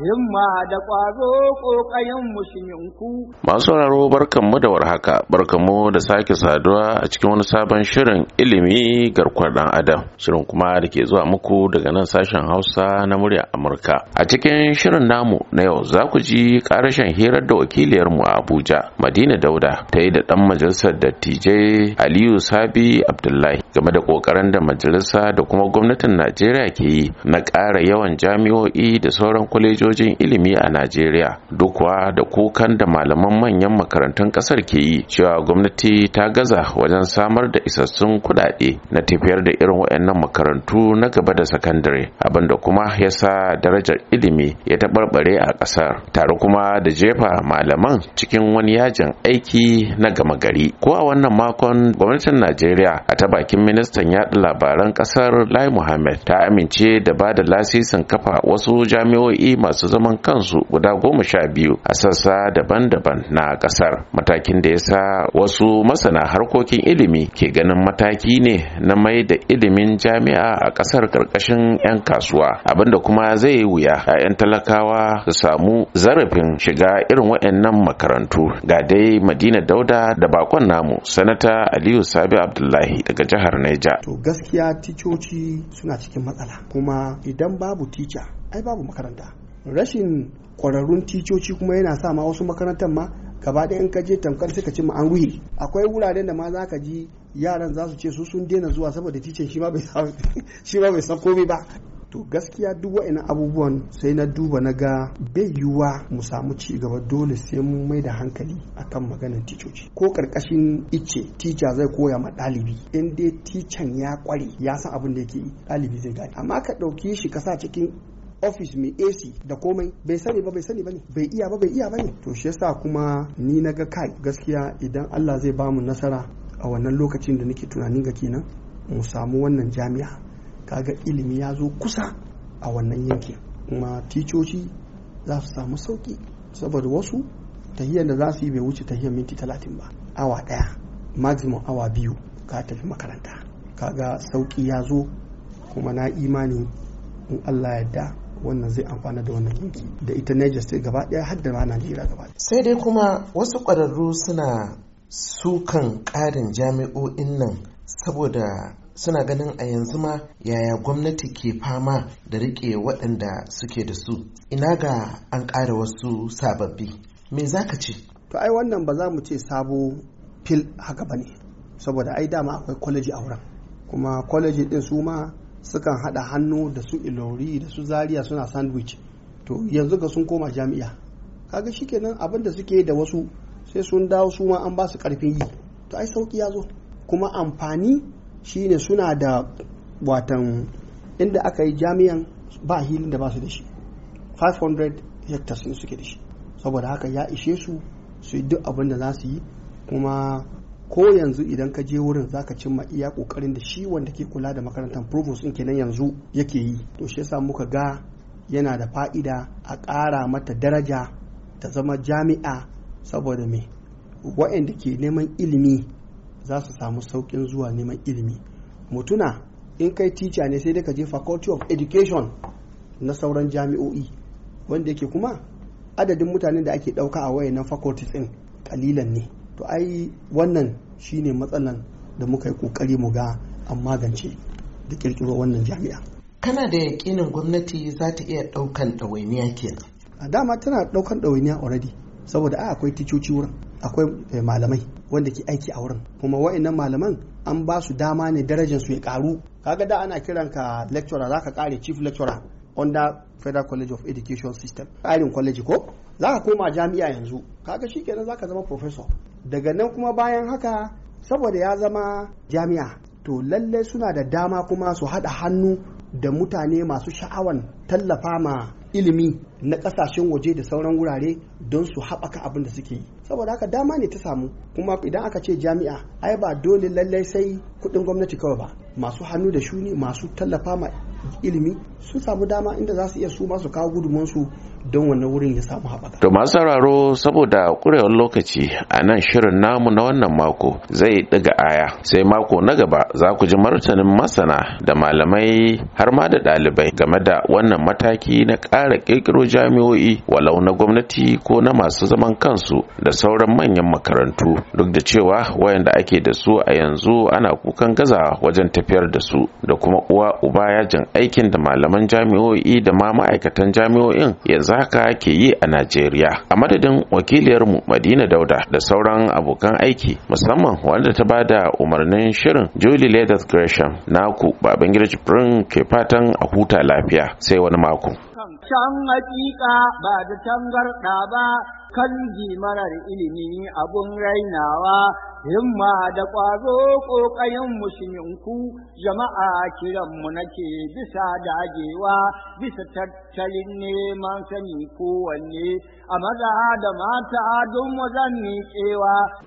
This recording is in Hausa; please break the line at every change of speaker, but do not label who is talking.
himma da ƙwazo ƙoƙayen musulminku.
Masu sauraro barkanmu da warhaka, barkanmu da sake saduwa a cikin wani sabon shirin ilimi garkuwar ɗan adam. Shirin kuma da ke zuwa muku daga nan sashen Hausa na murya Amurka. A cikin shirin namu na yau za ku ji ƙarashin hirar da wakiliyarmu a Abuja, Madina Dauda, ta yi da ɗan majalisar dattijai Aliyu Sabi Abdullahi game da ƙoƙarin da majalisa da kuma gwamnatin Najeriya ke yi na ƙara yawan jami'o'i da sauran kwalejoji kwalejojin ilimi a najeriya dukwa da kukan da malaman manyan makarantun kasar ke yi cewa gwamnati ta gaza wajen samar da isassun kudade, na tafiyar da irin waɗannan makarantu na gaba da sakandare abinda kuma ya sa darajar ilimi ya taɓarɓare a ƙasar tare kuma da jefa malaman cikin wani yajin aiki na gama gari ko a wannan makon gwamnatin najeriya a ta bakin ministan yaɗa labaran ƙasar lai muhammad ta amince da ba da lasisin kafa wasu jami'o'i masu masu zaman kansu guda goma sha biyu a sassa daban-daban na kasar matakin da ya sa wasu masana harkokin ilimi ke ganin mataki ne na mai da ilimin jami'a a kasar karkashin 'yan kasuwa abinda kuma zai wuya a 'yan talakawa su samu zarafin shiga irin waɗannan makarantu ga dai madina dauda da bakon namu sanata aliyu sabi abdullahi daga jihar naija to
gaskiya ticoci suna cikin matsala kuma idan babu tica ai babu makaranta rashin kwararrun ticoci kuma yana sa ma wasu makarantar ma gaba ɗaya in ka je tamkar sai ka ci an ruhi akwai wuraren da ma za ka ji yaran za su ce su sun daina zuwa saboda ticin shi ma bai san komai ba to gaskiya duk wa'ina abubuwan sai na duba na ga bai yiwuwa mu samu ci gaba dole sai mu mai da hankali akan maganar ticoci ko karkashin icce tica zai koya ma ɗalibi in dai tican ya kware ya san abin da yake yi ɗalibi zai gane amma ka ɗauki shi ka sa cikin ofis mai AC da komai bai sani ba bai sani ba ne bai iya ba bai iya ba ne to shi yasa kuma ni na ga kai gaskiya idan Allah zai ba mu nasara a wannan lokacin da nake tunanin ga kenan mu samu wannan jami'a kaga ilimi ya zo kusa a wannan yankin kuma ticoci za su samu sauki saboda wasu tahiyar da za su yi bai wuce tahiyar minti talatin ba awa daya maximum awa biyu ka tafi makaranta kaga sauki ya zo kuma na imani in Allah ya yadda wannan zai amfana da wannan yanki da ita Niger State gaba daya har da ma Najeriya gaba daya sai dai kuma wasu ƙwararru suna sukan ƙarin jami'o'in nan saboda suna ganin a yanzu ma yaya gwamnati ke fama da riƙe waɗanda suke da su ina ga an ƙara wasu sababbi me za ka ce to ai wannan ba za mu ce sabo fil haka ba ne saboda ai dama akwai kwaleji a wurin kuma kwaleji ɗin su ma sukan haɗa hannu da su ilori da su Zariya suna sandwich to yanzu ga sun koma jami'a kaga shikenan abin da suke da wasu sai sun dawo su ma an ba su karfin yi to ai sauki ya zo kuma amfani shine suna da watan inda aka yi jami'an ba hilin da ba su da shi 500 hectares ne suke da shi saboda haka ya ishe su su yi duk abin da za su yi kuma ko yanzu idan ka je wurin za ka cimma iya kokarin da shi wanda ke kula da makarantar provost in kenan yanzu yake yi to shi yasa muka ga yana da fa'ida a ƙara mata daraja ta zama jami'a saboda me wa'anda ke neman ilimi za su samu sauƙin zuwa neman ilimi mutuna in kai teacher ne sai dai ka je faculty of education na sauran jami'o'i wanda yake kuma adadin mutanen da ake ɗauka a wayannan faculties ɗin kalilan ne to ai wannan shine matsalan da muka yi kokari mu ga an magance da kirkiro wannan jami'a kana da yakinin gwamnati za ta iya daukan ɗawainiya kenan a dama tana daukan ɗawainiya already saboda a akwai ticoci wurin akwai eh, malamai wanda ke aiki a wurin kuma wa'annan malaman an ba su dama ne darajar su ya karu kaga da ana kiran ka lecturer zaka kare chief lecturer under federal college of education system tsarin College ko za ka koma jami'a yanzu kaga shikenan za ka zama professor daga nan kuma bayan haka saboda ya zama jami'a to lallai suna da dama kuma su haɗa hannu da mutane masu sha'awan tallafa ma ilimi na ƙasashen waje da sauran wurare don su haɓaka abin da suke yi saboda haka dama ne ta samu kuma idan aka ce jami'a ai ba dole lallai sai kuɗin gwamnati kawai ba masu hannu da shuni masu tallafa ma ilimi sun samu dama inda za su iya su masu kawo gudunmansu don wannan wurin ya samu haɓaka.
To masu sauraro saboda ƙurewar lokaci a nan shirin namu na wannan mako zai ɗiga aya sai mako na gaba za ku ji martanin masana da malamai har ma da ɗalibai game da wannan mataki na ƙara ƙirƙiro jami'o'i walau na gwamnati ko na masu zaman kansu da sauran manyan makarantu duk da cewa wayanda ake da su a yanzu ana kukan gaza wajen tafiyar da su da kuma uwa uba yajin aikin da malamai malaman jami'o'i da ma ma'aikatan jami'o'in yanzu haka ke yi a Najeriya. A madadin wakiliyarmu Madina Dauda da sauran abokan aiki musamman wanda ta bada umarnin shirin Julie Leathers Gresham naku Babangida Jibrin ke fatan a huta lafiya sai wani mako.
Can hakika ba da tangarɗa ba kan marar ilimi abun rainawa himma da ƙwazo ƙoƙarin musulminku jama'a kiranmu nake bisa dagewa bisa tattalin neman sani kowanne a maza da mata don mu zan miƙewa.